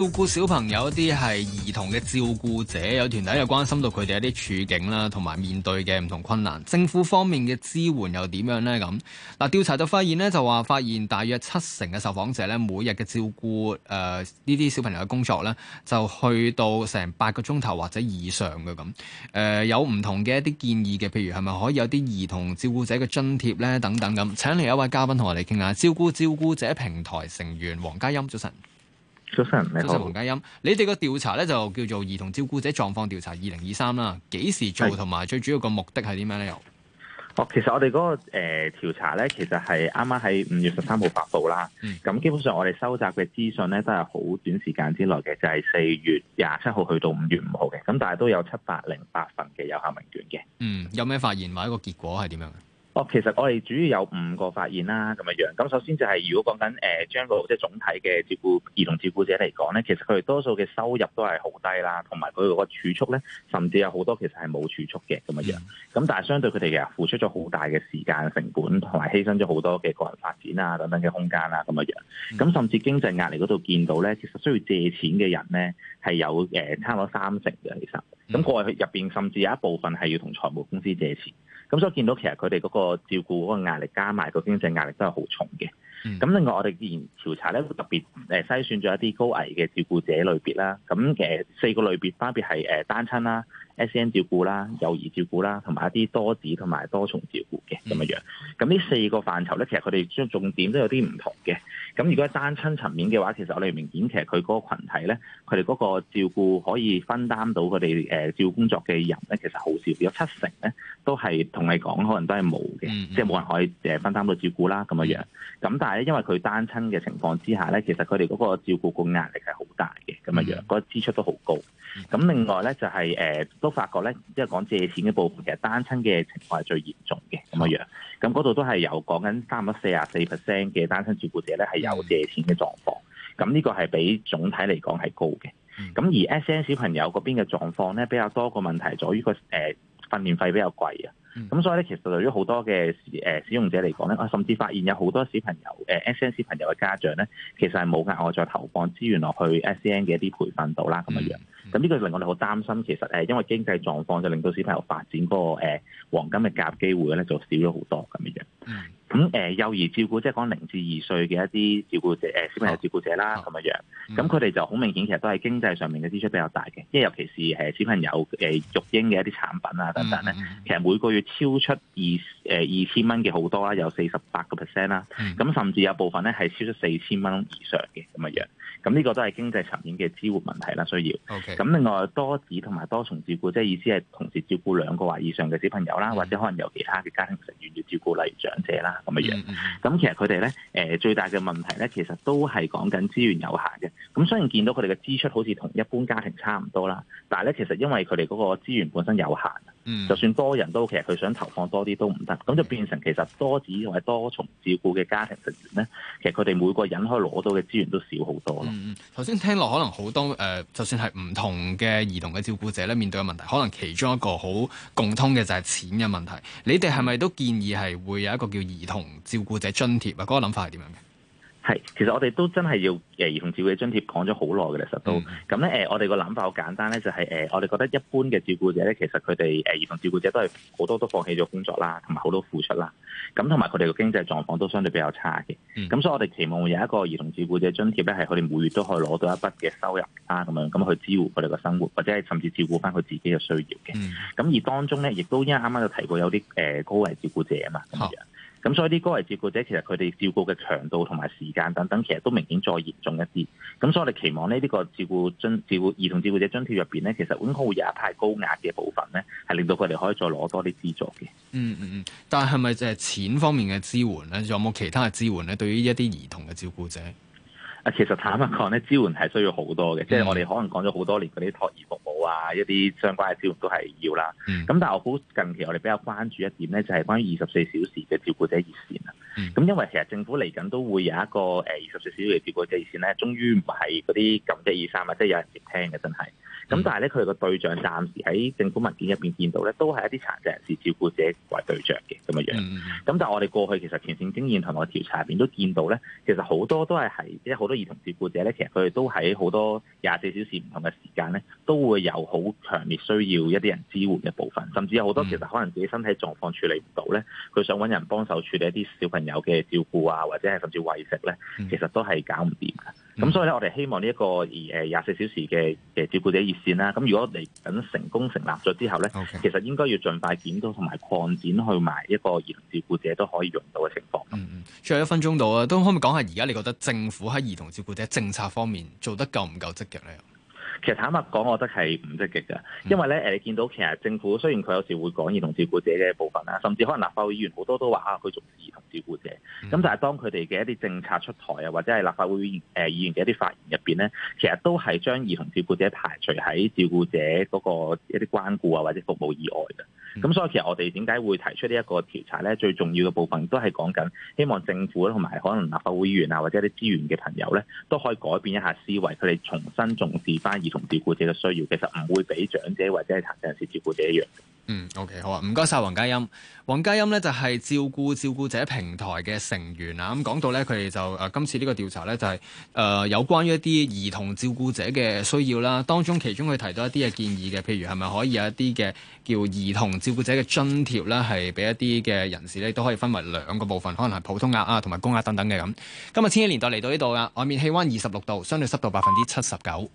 照顧小朋友啲係兒童嘅照顧者，有團體又關心到佢哋一啲處境啦，同埋面對嘅唔同困難，政府方面嘅支援又點樣呢？咁嗱，調查到發現呢，就話發現大約七成嘅受訪者呢，每日嘅照顧誒呢啲小朋友嘅工作呢，就去到成八個鐘頭或者以上嘅咁。誒、呃，有唔同嘅一啲建議嘅，譬如係咪可以有啲兒童照顧者嘅津貼呢？等等咁。請嚟一位嘉賓同我哋傾下，照顧照顧者平台成員黃佳鑫，早晨。周生、黃佳鑫，你哋個調查咧就叫做兒童照顧者狀況調查二零二三啦，幾時做同埋最主要個目的係啲咩咧？又，哦，其實我哋嗰、那個誒調、呃、查咧，其實係啱啱喺五月十三號發佈啦。咁、嗯、基本上我哋收集嘅資訊咧都係好短時間之內嘅，就係、是、四月廿七號去到五月五號嘅。咁但係都有七百零八份嘅有效問卷嘅。嗯，有咩發現埋一個結果係點樣？哦，其實我哋主要有五個發現啦，咁嘅樣。咁首先就係，如果講緊誒，將、呃、來即係總體嘅照顧兒童照顧者嚟講咧，其實佢哋多數嘅收入都係好低啦，同埋佢個儲蓄咧，甚至有好多其實係冇儲蓄嘅咁嘅樣。咁但係相對佢哋嘅付出咗好大嘅時間成本，同埋犧牲咗好多嘅個人發展啊等等嘅空間啦，咁嘅樣。咁甚至經濟壓力嗰度見到咧，其實需要借錢嘅人咧係有誒、呃、差唔多三成嘅，其實。咁過去入邊，嗯、面甚至有一部分係要同財務公司借錢，咁所以見到其實佢哋嗰個照顧嗰個壓力加埋個經濟壓力都係好重嘅。咁、嗯、另外我哋之前調查咧，特別誒篩選咗一啲高危嘅照顧者類別啦。咁誒四個類別分別係誒單親啦、S N 照顧啦、幼兒照顧啦，同埋一啲多子同埋多重照顧嘅咁嘅樣。咁呢、嗯、四個範疇咧，其實佢哋將重點都有啲唔同嘅。咁、嗯、如果單親層面嘅話，其實我哋明顯其實佢嗰個羣體咧，佢哋嗰個照顧可以分擔到佢哋誒照顧工作嘅人咧，其實好少，有七成咧都係同你講，可能都係冇嘅，嗯嗯、即係冇人可以誒分擔到照顧啦咁嘅樣。咁、嗯、但係咧，因為佢單親嘅情況之下咧，其實佢哋嗰個照顧個壓力係好大嘅咁嘅樣，嗰個、嗯、支出都好高。咁、嗯、另外咧就係、是、誒、呃、都發覺咧，即係講借錢嘅部分，其實單親嘅情況係最嚴重嘅。咁樣，咁嗰度都係有講緊三十四 percent 嘅單身照顧者咧，係有借錢嘅狀況。咁呢、嗯、個係比總體嚟講係高嘅。咁、嗯、而 S N 小朋友嗰邊嘅狀況咧，比較多個問題在於個誒、呃、訓練費比較貴啊。咁 所以咧，其實對於好多嘅誒使用者嚟講咧，啊，甚至發現有好多小朋友誒、呃、S N C 小朋友嘅家長咧，其實係冇額外再投放資源落去 S N 嘅一啲培訓度啦，咁嘅樣。咁 呢個令我哋好擔心，其實誒，因為經濟狀況就令到小朋友發展嗰、那個誒、呃、黃金嘅教育機會咧，就少咗好多咁嘅樣。 咁、嗯呃、幼兒照顧即係講零至二歲嘅一啲照顧者誒、呃、小朋友照顧者啦咁嘅樣，咁佢哋就好明顯其實都係經濟上面嘅支出比較大嘅，即係尤其是誒小朋友誒育、呃、嬰嘅一啲產品啊等等咧，其實每個月超出二誒二千蚊嘅好多啦，有四十八個 percent 啦，咁、啊、甚至有部分咧係超出四千蚊以上嘅咁嘅樣。咁呢個都係經濟層面嘅支援問題啦，需要。咁 Okay. 另外多子同埋多重照顧，即係意思係同時照顧兩個或以上嘅小朋友啦，mm hmm. 或者可能有其他嘅家庭成員要照顧，例如長者啦咁樣。咁、mm hmm. 其實佢哋咧，誒、呃、最大嘅問題咧，其實都係講緊資源有限嘅。咁雖然見到佢哋嘅支出好似同一般家庭差唔多啦，但係咧其實因為佢哋嗰個資源本身有限，嗯，就算多人都其實佢想投放多啲都唔得，咁就變成其實多子或者多重照顧嘅家庭成員咧，其實佢哋每個人可以攞到嘅資源都少好多咯。頭先、嗯、聽落可能好多誒、呃，就算係唔同嘅兒童嘅照顧者咧面對嘅問題，可能其中一個好共通嘅就係錢嘅問題。你哋係咪都建議係會有一個叫兒童照顧者津貼啊？嗰、嗰個諗法係點樣嘅？係，其實我哋都真係要誒兒童照顧者津貼講咗好耐嘅其實都。咁咧誒，我哋個諗法好簡單咧，就係誒，我哋覺得一般嘅照顧者咧，其實佢哋誒兒童照顧者都係好多都放棄咗工作啦，同埋好多付出啦。咁同埋佢哋個經濟狀況都相對比較差嘅。咁、嗯嗯嗯、所以，我哋期望會有一個兒童照顧者津貼咧，係佢哋每月都可以攞到一筆嘅收入啦，咁、啊、樣咁去支援佢哋個生活，或者係甚至照顧翻佢自己嘅需要嘅。咁、嗯嗯、而當中咧，亦都因為啱啱有提過有啲誒、呃、高危照顧者啊嘛。咁所以啲高危照顧者其實佢哋照顧嘅強度同埋時間等等，其實都明顯再嚴重一啲。咁所以我哋期望咧，呢個照顧津照顧兒童照顧者津貼入邊呢，其實應該會有一批高額嘅部分呢，係令到佢哋可以再攞多啲資助嘅。嗯嗯嗯，但係咪就係錢方面嘅支援呢？有冇其他嘅支援呢？對於一啲兒童嘅照顧者？啊，其實坦白講咧，支援係需要好多嘅，嗯、即係我哋可能講咗好多年嗰啲托兒服務啊，一啲相關嘅支援都係要啦。咁、嗯、但係我好近期我哋比較關注一點咧，就係關於二十四小時嘅照顧者熱線啦。咁、嗯、因為其實政府嚟緊都會有一個誒二十四小時嘅照顧者熱線咧，終於唔係嗰啲咁嘅意思啊，即係有人接聽嘅真係。咁、嗯、但係咧，佢哋個對象暫時喺政府文件入邊見到咧，都係一啲殘疾人士照顧者為對象嘅咁嘅樣。咁、嗯、但係我哋過去其實前線經驗同我調查入邊都見到咧，其實好多都係係即係好多兒童照顧者咧，其實佢哋都喺好多廿四小時唔同嘅時間咧，都會有好強烈需要一啲人支援嘅部分。甚至有好多其實可能自己身體狀況處理唔到咧，佢想揾人幫手處理一啲小朋友嘅照顧啊，或者係甚至餵食咧，其實都係搞唔掂嘅。嗯咁、mm hmm. 所以咧，我哋希望呢一個誒廿四小時嘅嘅照顧者熱線啦，咁如果嚟緊成功成立咗之後咧，Okay. 其實應該要盡快檢討同埋擴展去埋一個兒童照顧者都可以用到嘅情況。嗯嗯、mm，hmm. 最後一分鐘到啊。都可唔可以講下而家你覺得政府喺兒童照顧者政策方面做得夠唔夠積極咧？其實坦白講，我覺得係唔積極嘅，因為咧誒你見到其實政府雖然佢有時會講兒童照顧者嘅部分啦，甚至可能立法會議員好多都話啊佢重視兒童照顧者，咁但係當佢哋嘅一啲政策出台啊，或者係立法會誒議員嘅一啲發言入邊咧，其實都係將兒童照顧者排除喺照顧者嗰個一啲關顧啊或者服務以外嘅。咁所以其實我哋點解會提出呢一個調查咧？最重要嘅部分都係講緊希望政府同埋可能立法會議員啊或者一啲資源嘅朋友咧，都可以改變一下思維，佢哋重新重視翻同照顧者嘅需要其實唔會俾長者或者係殘障人士照顧者一樣。嗯，OK，好啊，唔該晒，黃佳鑫。黃佳鑫呢就係、是、照顧照顧者平台嘅成員啊。咁、嗯、講到呢，佢哋就誒、呃、今次呢個調查呢，就係、是、誒、呃、有關於一啲兒童照顧者嘅需要啦。當中其中佢提到一啲嘅建議嘅，譬如係咪可以有一啲嘅叫兒童照顧者嘅津貼啦，係俾一啲嘅人士呢都可以分為兩個部分，可能係普通額啊同埋公額等等嘅咁。今日千禧年代嚟到呢度啊，外面氣温二十六度，相對濕度百分之七十九。